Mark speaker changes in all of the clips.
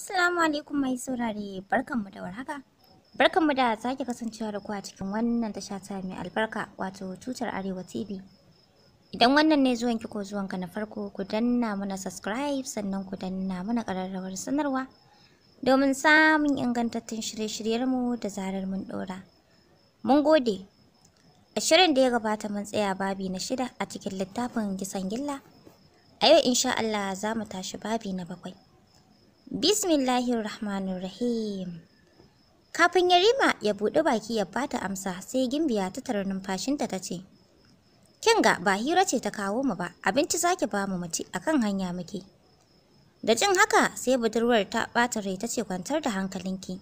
Speaker 1: Assalamu alaikum mai saurare barkanmu da warhaka. Barkanmu da sake kasancewa da ku a cikin wannan tasha ta mai albarka wato tutar Arewa TV. Idan wannan ne zuwanki ko zuwanka na farko ku danna mana subscribe sannan ku danna mana ƙararrawar sanarwa domin samun ingantattun shirye-shiryenmu da zarar mun ɗora. Mun gode. A shirin da ya gabata mun tsaya babi na shida a cikin littafin Gisan Gilla. A yau insha Allah za mu tashi babi na bakwai. Bismillahirrahmanirrahim. Kafin Yarima ya buɗi baki ya bata amsa sai Gimbiya ta tara numfashinta ta ce, Kinga ba hira ce ta kawo mu ba, abinci zaki ba mu mace kan hanya muke. Da jin haka sai budurwar ta ɓata rai ta ce kwantar da hankalinki.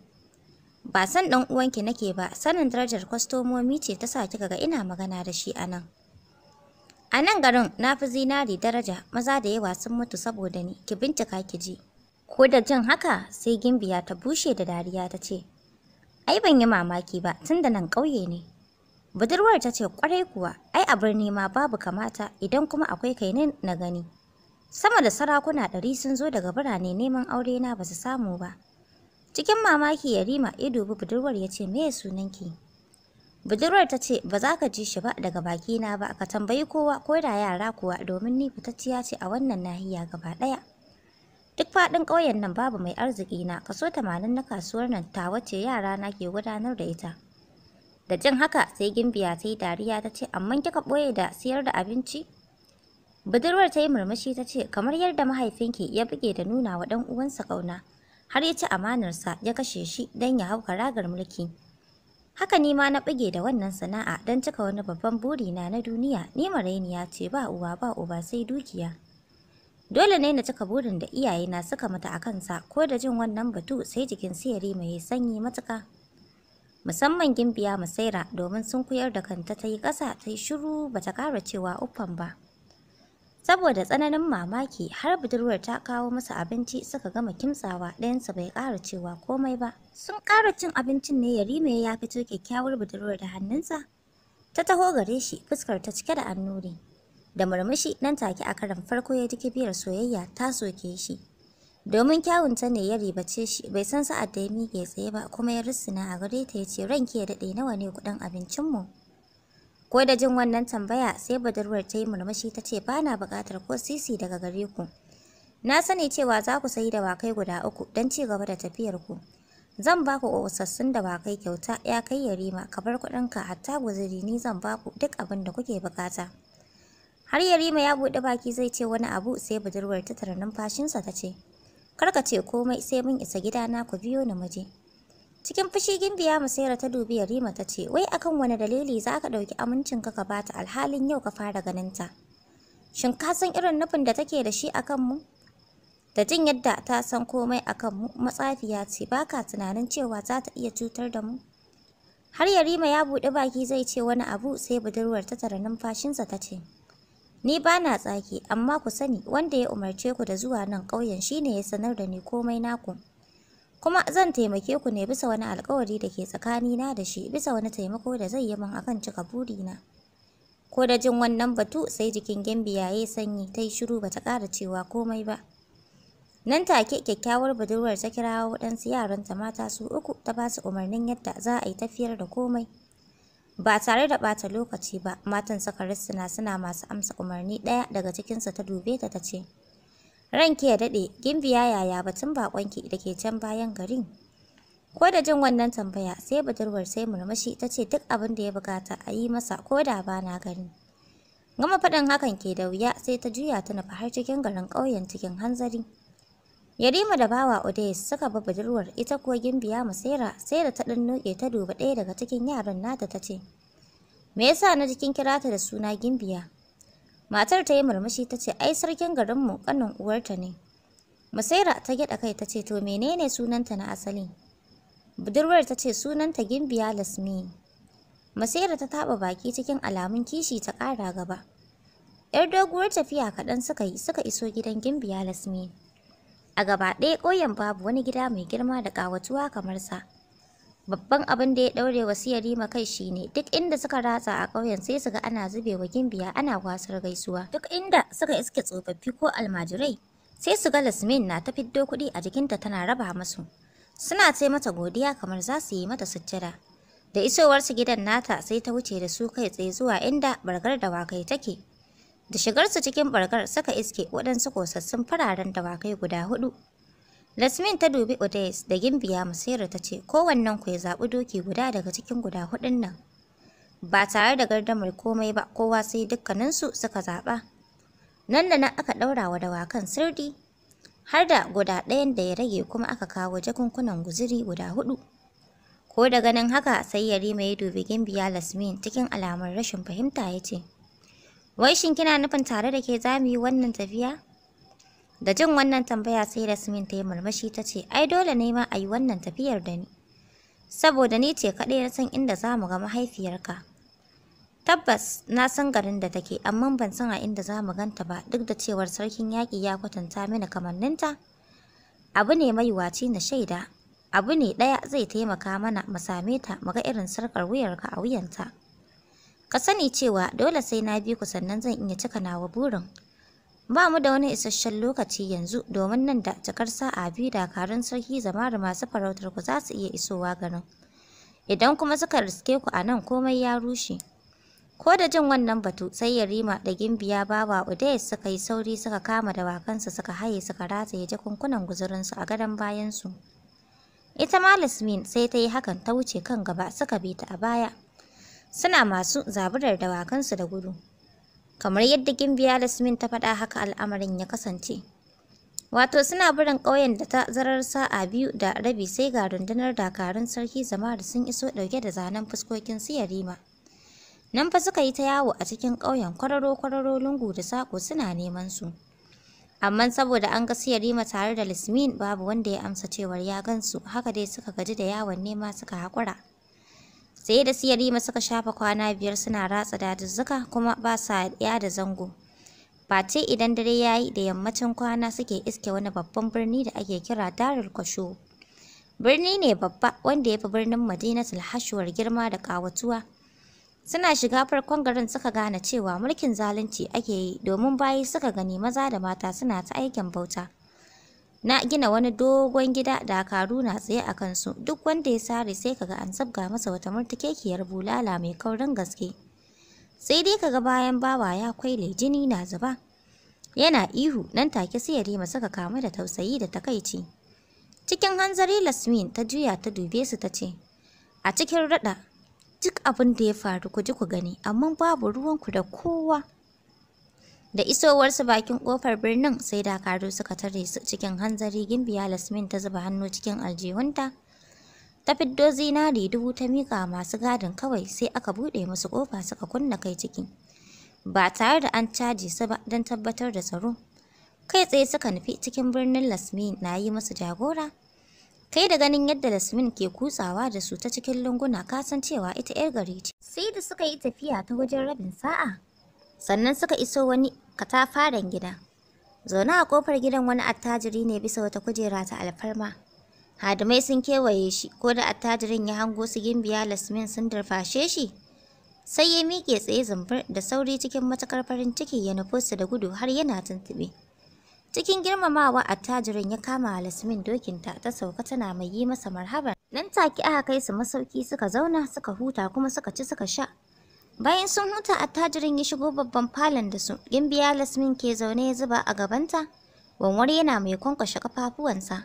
Speaker 1: Ba san ɗan uwanki nake ba, sanin darajar kwastomomi ce ta sa kika ga ina magana da shi anan. nan. A nan garin na fi zinari daraja, maza da yawa sun mutu saboda ni, ki bincika ki ji. Ko da jin haka sai gimbiya ta bushe da dariya ta ce, Ai ban yi mamaki ba tun da nan ƙauye ne. Budurwar ta ce ƙwarai kuwa, ai a birni ma babu kamata idan kuma akwai kai na gani. Sama da sarakuna ɗari sun zo daga birane neman aure na ba su samu ba. Cikin mamaki Yarima ido dubi budurwar ya ce me sunanki? Budurwar ta ce ba za ka ji shi ba daga bakina ba ka tambayi kowa ko da yara kuwa domin ni fitacciya ce a wannan nahiya gaba ɗaya. Duk faɗin ƙauyen nan babu mai arziki na kaso tamanin na kasuwar nan ta wace yara na ke gudanar da ita. Da jin haka sai Gimbiya ta yi dariya ta ce amma kika ɓoye da siyar da abinci? Budurwar ta yi murmushi ta ce kamar yadda mahaifinki ya buge da nuna wa ɗan uwansa ƙauna har ya ci amanarsa ya kashe shi don ya hau ragar mulki. Haka ni ma na buge da wannan sana'a don cika wani babban burina na duniya ni marainiya ce ba uwa ba uba sai dukiya. Dole ne na cika burin da iyayena suka mata a kansa ko da jin wannan batu sai jikin siyari mai sanyi matuka. Musamman gimbiya Masaira domin sun kuyar da kanta ta yi ƙasa ta yi shiru ba ta ƙara cewa uffan ba. Saboda tsananin mamaki har budurwar ta kawo masa abinci suka gama kimtsawa ɗayansa bai ƙara cewa komai ba. Sun kara cin abincin ne Yarime ya fito kyakkyawar budurwar da hannunsa. Ta taho gare shi fuskar ta cike da annuri. da murmushi nan take a karan farko ya ji kibiyar soyayya ta soke shi domin kyawunta ne ya ribace shi bai san sa'ad da ya mike tsaye ba kuma ya rusuna a gare ta ya ce ranki ya daɗe nawa ne kuɗin abincinmu ko da jin wannan tambaya sai budurwar ta yi murmushi ta ce ba na buƙatar ko sisi daga gare ku na sani cewa za ku sayi dawakai guda uku don ci gaba da tafiyar ku zan ba ku ƙosassun dawakai kyauta ya kai yarima ka bar kuɗinka hatta guziri ni zan ba ku duk abin da kuke buƙata. Har Yarima ya buɗe baki zai ce wani abu sai budurwar ta tara numfashinsa ta ce, Kar ka ce komai sai mun isa gidana ku biyo ni muje. Cikin fushi Gimbiya Musaira ta dubi Yarima ta ce, Wai akan wani dalili za ka ɗauki amincin ka bata alhalin yau ka fara ganinta? Shin ka san irin nufin da take da shi akan mu? Da jin yadda ta san komai akan mu, matsafiya ce ba ka tunanin cewa za ta iya cutar da mu? Har Yarima ya buɗe baki zai ce wani abu sai budurwar ta tara numfashinsa ta ce, Ni ba na tsaki, amma ku sani wanda ya umarce ku da zuwa nan ƙauyen shine ya sanar da ni komai naku. Kuma zan taimake ku ne bisa wani alkawari da ke tsakanina da shi bisa wani taimako da zai yi min akan cika burina. Ko da jin wannan batu sai jikin Gembi ya yi sanyi ta yi shiru ba ta ƙara cewa komai ba. Nan take kyakkyawar budurwar ta kirawo waɗansu yaranta mata su uku ta ba su umarnin yadda za a yi tafiyar da komai. Ba tare da ɓata lokaci ba, matan suka rissina suna masu amsa umarni ɗaya daga cikinsu ta dube ta ta ce, Ranki ya daɗe, gimbiya yaya batun baƙonki da ke can bayan garin. Ko da jin wannan tambaya sai budurwar sai murmushi ta ce duk abin da ya bukata a yi masa ko da ba na gani. Gama faɗin hakan ke da wuya sai ta juya ta nufa har cikin garin ƙauyen cikin hanzari. Yarima da bawa Odes suka bi budurwar ita kuwa gimbiya Musaira sai da ta ɗan noke ta duba ɗaya daga cikin yaran nata ta ce, Me yasa na jikin kira ta da suna gimbiya? Matar ta yi murmushi ta ce, Ai sarkin garinmu ƙanin uwarta ne. Musaira ta gyaɗa kai ta ce, To menene sunanta na asali? Budurwar ta ce, Sunanta gimbiya Lasmi. Musaira ta taɓa baki cikin alamun kishi ta ƙara gaba. ‘Yar doguwar tafiya kaɗan suka yi suka iso gidan gimbiya Lasmi. A gaba ɗaya ƙauyen babu wani gida mai girma da ƙawatuwa kamar sa. Babban abin da ya ɗaure wa Siyarima kai shi ne. duk inda suka ratsa a ƙauyen sai su ga ana zube wa gimbiya ana wasar gaisuwa. Duk inda suka iske tsofaffi ko almajirai sai su ga Lasmin na ta fiddo kuɗi a jikinta tana raba masu. Suna ce mata godiya kamar za su yi mata sujjada. Da isowarsu gidan nata sai ta wuce da su kai tsaye zuwa inda bargar da dawakai take. Da shigar su cikin barkar suka iske waɗansu kosassun fararen dawakai guda hudu. Lasmin ta dubi Udais da Gimbiya Masira ta ce, "Kowannen ku ya zaɓi doki guda daga cikin guda hudun nan." Ba tare da gardamar komai ba, kowa sai dukkaninsu suka zaɓa. Nan da nan aka ɗaura wa dawakan sirdi, har da guda ɗayan da ya rage kuma aka kawo jakunkunan guziri guda hudu. Ko da ganin haka sai Yarima ya dubi Gimbiya Lasmin cikin alamar rashin fahimta ya ce, Wai shin kina nufin tare da ke za mu yi wannan tafiya? Da jin wannan tambaya sai da smin ta yi murmushi ta ce, ai dole ne ma a yi wannan tafiyar da ni. Saboda ni ce kaɗai na san inda za mu ga mahaifiyarka. Tabbas na san garin da take, amma ban san a inda za mu ganta ba duk da cewar sarkin yaƙi ya kwatanta mini kamanninta. Abu ne mai waci na shaida, abu ne ɗaya zai taimaka mana mu same ta mu ga irin sarkar wuyarka a wuyanta. Ka sani cewa dole sai na bi ku sannan zan iya cika nawa burin. Ba mu da wani isasshen lokaci yanzu domin nan da jakar sa'a biyu dakarun sarki zama da masu farautar ku za su iya isowa garin. Idan kuma suka riske ku a nan komai ya rushe. Ko da jin wannan batu sai Yarima da Gimbiya Baba Udayas suka yi sauri suka kama da wakansa suka haye suka rataye jakunkunan guzurinsu a gadon bayansu. Ita ma Lasmin sai ta yi hakan ta wuce kan gaba suka bi ta a baya. suna masu zaburar dawakansu da gudu. Kamar yadda Gimbiya Lasmin ta faɗa haka al'amarin ya kasance. Wato suna barin ƙauyen da ta zarar sa'a biyu da rabi sai ga rundunar dakarun sarki da sun iso ɗauke da zanen fuskokin su yarima. Nan fa suka yi ta yawo a cikin ƙauyen kwararo-kwararo lungu da saƙo suna neman su. Amma saboda an ga su yarima tare da Lasmin babu wanda ya amsa cewar ya gansu haka dai suka gaji da yawon nema suka haƙura. Sai da siyarima suka shafa kwana biyar suna ratsa dazuzzuka kuma ba sa ya da zango. Face idan dare ya yi da yammacin kwana suke iske wani babban birni da ake kira Darul Kwasho. Birni ne babba wanda ya fi birnin Madinatul Hashuwar girma da ƙawatuwa. Suna shiga farkon garin suka gane cewa mulkin zalunci ake yi domin bayi suka gani maza da mata suna ta aikin bauta. Na gina wani dogon gida da karu na tsaye a kansu, duk wanda ya sare sai kaga an zabga masa wata murtakekiyar bulala mai kaurin gaske. Sai dai kaga bayan bawa ya kwaile jini na zuba. Yana ihu nan take sai ya rima saka kama da tausayi da takaici. Cikin hanzari Lasmin ta juya ta dube su ta ce, A cikin rada, duk abin da ya faru ku ji ku gani, amma babu ruwanku da kowa. Da isowar su bakin kofar birnin sai dakaru suka tare su cikin hanzari gimbiya Lasmin ta zuba hannu cikin aljihunta. Ta fiddo zinari dubu ta mika masu gadin kawai sai aka buɗe musu kofa suka kunna kai ciki. Ba tare da an caji su ba don tabbatar da tsaro. Kai tsaye suka nufi cikin birnin Lasmin na yi musu jagora. Kai da ganin yadda Lasmin ke kutsawa da su ta cikin lunguna kasan cewa ita 'yar gari ce. Sai da suka yi tafiya ta wajen rabin sa'a. sannan suka iso wani katafaren gida. Zaune a kofar gidan wani attajiri ne bisa wata kujera ta alfarma. Hadimai sun kewaye shi, ko da attajirin ya hango su gimbiya Lasmin sun darfashe shi. Sai ya miƙe tsaye zumbur, da sauri cikin matakar farin ciki ya nufo su da gudu har yana tuntuɓe. Cikin girmamawa attajirin ya kama Lasmin dokinta ta sauka tana mai yi masa marhaban. Nan take aka kai su masauki suka zauna suka huta kuma suka ci suka sha. Bayan sun huta attajirin ya shigo babban falon da su, gimbiya Lasmin ke zaune ya zuba a gabanta, wanwar yana mai kwankwashe kafafuwansa.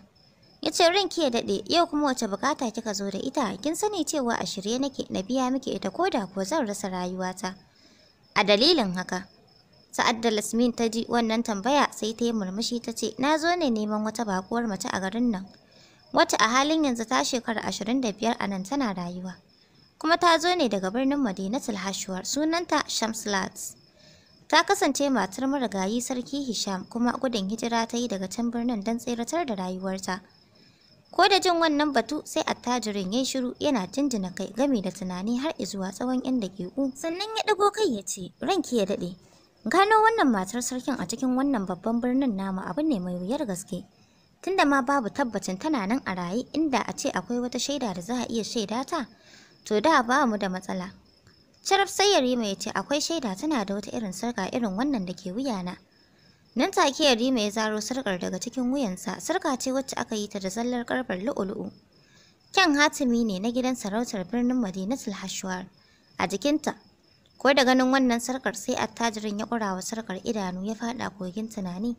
Speaker 1: Ya ce ranki ya daɗe, yau kuma wace bukata kika zo da ita, kin sani cewa a shirye nake na biya miki ita ko da kuwa zan rasa rayuwata. A dalilin haka, sa'ad da Lasmin ta ji wannan tambaya sai ta yi murmushi ta ce, na zo ne neman wata bakuwar mace a garin nan. Wata a halin yanzu ta shekara ashirin da biyar a nan tana rayuwa. kuma ta zo ne daga birnin Madinatul Hashuwar sunanta Shamslat. Ta kasance matar marigayi sarki Hisham kuma gudun hijira ta yi daga can birnin don tseratar da rayuwarta. Ko da jin wannan batu sai attajirin ya yi shiru yana jinjina kai game da tunani har izuwa tsawon yan daƙiƙu. Sannan ya ɗago kai ya ce, ranki ya daɗe. Gano wannan matar sarkin a cikin wannan babban birnin namu abu ne mai wuyar gaske. Tunda ma babu tabbacin tana nan a raye inda a ce akwai wata shaida da za a iya shaida ta, to da ba mu da matsala sharaf sai yarima ya ce akwai shaida tana da wata irin sarka irin wannan da ke wuyana nan take yarima ya zaro sarkar daga cikin wuyansa sarka ce wacce aka yi ta da zallar karfar lu'ulu'u kyan hatimi ne na gidan sarautar birnin madinatul hashwar a jikinta ko da ganin wannan sarkar sai attajirin ya kurawa sarkar idanu ya faɗa kogin tunani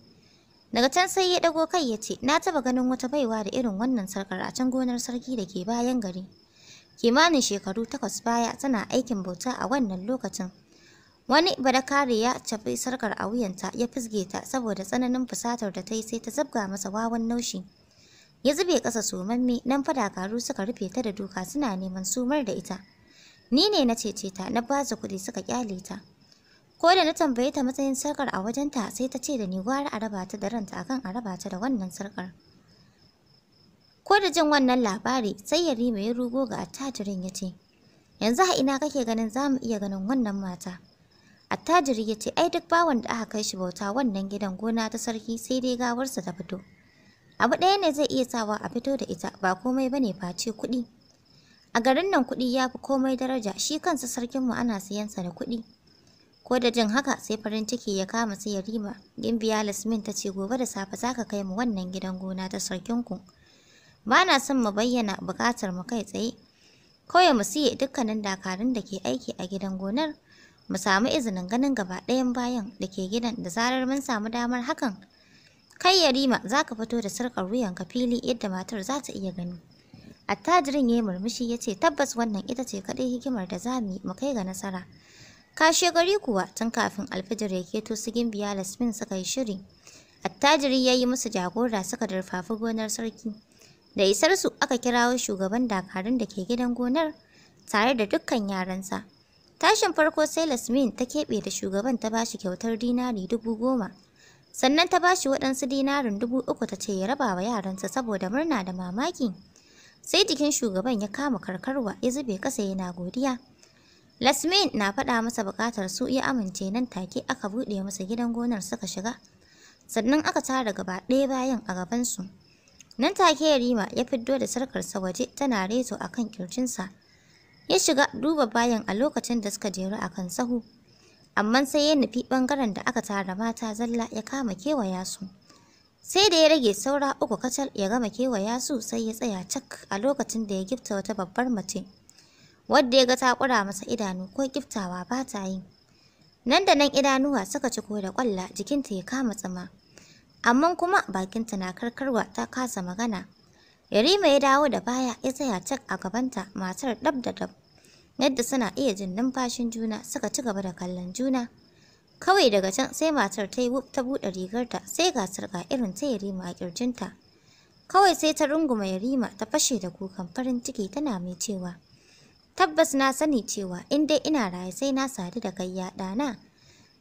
Speaker 1: daga can sai ya ɗago kai ya ce na taɓa ganin wata baiwa da irin wannan sarkar a can gonar sarki da ke bayan gari kimanin shekaru takwas baya tana aikin bauta a wannan lokacin. Wani kare ya tafi sarkar a wuyanta ya fisge ta saboda tsananin fusatar da ta yi sai ta zabga masa wawan naushi. Ya zube ƙasa somamme nan fadakaru suka rufe ta da duka suna neman sumar da ita. Ni ne na cece ta na ba su kuɗi suka kyale ta. Ko da na tambaye ta matsayin sarkar a wajenta sai ta ce da ni gwara a raba ta da ranta akan a raba ta da wannan sarkar. Ko da jin wannan labari sai Yarima ya rugo ga attajirin ya ce, Yanzu a ina kake ganin za mu iya ganin wannan mata? Attajiri ya ce, Ai, duk bawan da aka kai shi bauta wannan gidan gona ta sarki sai dai gawarsa ta fito. Abu ɗaya ne zai iya sawa a fito da ita ba komai ba ne face kuɗi. A garin nan kuɗi ya fi komai daraja shi kansa sarkinmu ana siyansa da kuɗi. Ko da jin haka sai farin ciki ya kama sai Yarima, Gimbiya Lasmin ta ce gobe da safe za ka kai mu wannan gidan gona ta sarkinku. ku. Ba na son mu bayyana buƙatar mu kai tsaye. Kawai mu siye dukkanin dakarun da ke aiki a gidan gonar, mu samu izinin ganin gaba ɗayan bayan da ke gidan da zarar mun samu damar hakan. Kai Yarima za ka fito da sarƙar wuyanka fili yadda matar za ta iya gani. Attajirin ya yi murmushi ya ce tabbas wannan ita ce kaɗai hikimar da za mu yi mu kai ga nasara. Kashe gari kuwa tun kafin alfijir ya keto su gimbiya lasmin suka yi shiri. Attajiri ya yi musu jagora suka durfafi gonar sarki. Da isarsu aka kirawo shugaban dakarun da ke gidan gonar tare da dukkan yaransa. Tashin farko sai Lasmin ta keɓe da shugaban ta bashi kyautar dinari dubu goma. Sannan ta bashi waɗansu dinarin dubu uku ta ce ya raba wa yaransa saboda murna da mamaki. Sai jikin shugaban ya kama karkarwa ya zube ƙasa yana godiya. Lasmin na faɗa masa buƙatar su ya amince nan take aka buɗe masa gidan gonar suka shiga. Sannan aka tara gaba ɗaya bayan a gabansu. Nan take Rima ya fiddo da sarkarsa waje tana reto a kan ƙirjinsa. Ya shiga duba bayan a lokacin da suka jeru a kan sahu. Amma sai ya nufi ɓangaren da aka tara mata zalla ya kama kewaya su. Sai da ya rage saura uku kacal ya gama kewaya su sai ya tsaya cak a lokacin da ya gifta wata babbar mace. Wadda ya ga ta kura masa idanu ko giftawa ba ta yi. Nan da nan idanuwa suka ciko da ƙwalla jikinta ya kama tsama. amma kuma bakinta na karkarwa ta kasa magana. Yarima ya dawo da baya ya tsaya cak a gabanta matar dab da dab. Yadda suna iya jin numfashin juna suka ci gaba da kallon juna. Kawai daga can sai matar ta yi wuf ta buɗe rigarta sai ga sarƙa irin ta Yarima a ƙirjinta. Kawai sai ta runguma Yarima ta fashe da kukan farin ciki tana mai cewa. Tabbas na sani cewa in dai ina raye sai na sadu da kai ya ɗana.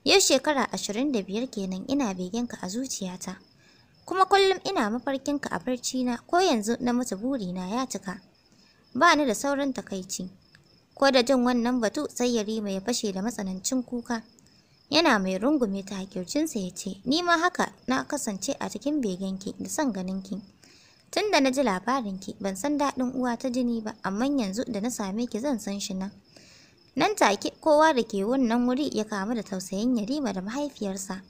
Speaker 1: Yau shekara ashirin da biyar kenan ina begenka a zuciyata. Kuma kullum ina mafarkinka a barci na ko yanzu na mutu burina ya cika. Ba ni da sauran takaici. Ko da jin wannan batu sai Yarima ya fashe da matsanancin kuka. Yana mai rungume ta hakircinsa ya ce, Ni ma haka na kasance a cikin begenki da son ganinki. Tun da na ji labarinki ban san daɗin uwa ta jini ba, amma yanzu da na same ki zan san shi nan. Nan take kowa da ke wannan wuri ya kamu da tausayin Yarima da mahaifiyarsa.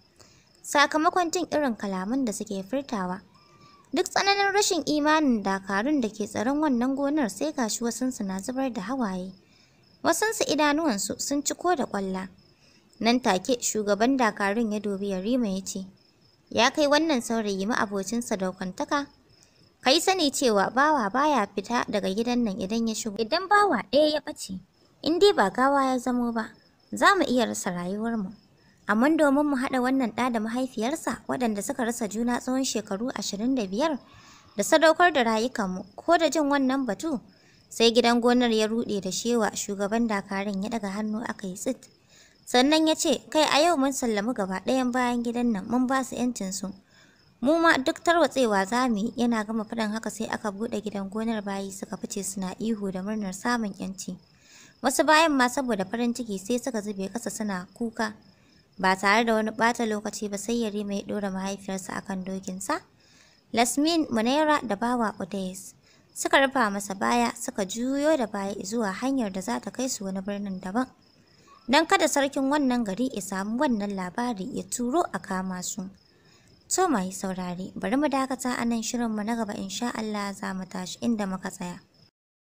Speaker 1: Sakamakon jin irin kalaman da suke furtawa. Duk tsananin rashin imanin dakarun da ke tsaron wannan gonar sai gashi wasansu na zubar da hawaye. Wasansu idanuwansu sun ci ko da ƙwalla. Nan take shugaban dakarun ya dobi, Yarima ya ce, Ya kai wannan saurayi ma'abocinsa daukantaka, kai sani cewa bawa baya fita daga gidan nan idan ya shigo. Idan bawa ɗaya ya ɓace, in dai ba gawa ya zamo ba za mu iya rasa rayuwarmu amma domin mu haɗa wannan ɗa da mahaifiyarsa waɗanda suka rasa juna tsawon shekaru ashirin da biyar da sadaukar da rayukanmu ko da jin wannan batu sai gidan gonar ya ruɗe da shewa shugaban dakarun ya ɗaga hannu aka yi tsit sannan ya ce kai a yau mun sallami gaba ɗayan bayan gidan nan mun ba su 'yancinsu mu ma duk tarwatsewa za mu yi yana gama faɗin haka sai aka buɗe gidan gonar bayi suka fice suna ihu da murnar samun yanci Wasu bayan ma saboda farin ciki sai suka zube ƙasa suna kuka. Ba tare da wani ɓata lokaci ba sai Yarima mai ɗora mahaifiyarsa kan dokinsa. Lasmin Munaira da Bawa Udais suka rufa masa baya suka juyo da baya zuwa hanyar da za ta kai su wani birnin daban. Don kada sarkin wannan gari ya samu wannan labari ya turo a kama su. To mai saurare, bari mu dakata a nan shirinmu na gaba insha Allah za mu tashi inda muka tsaya.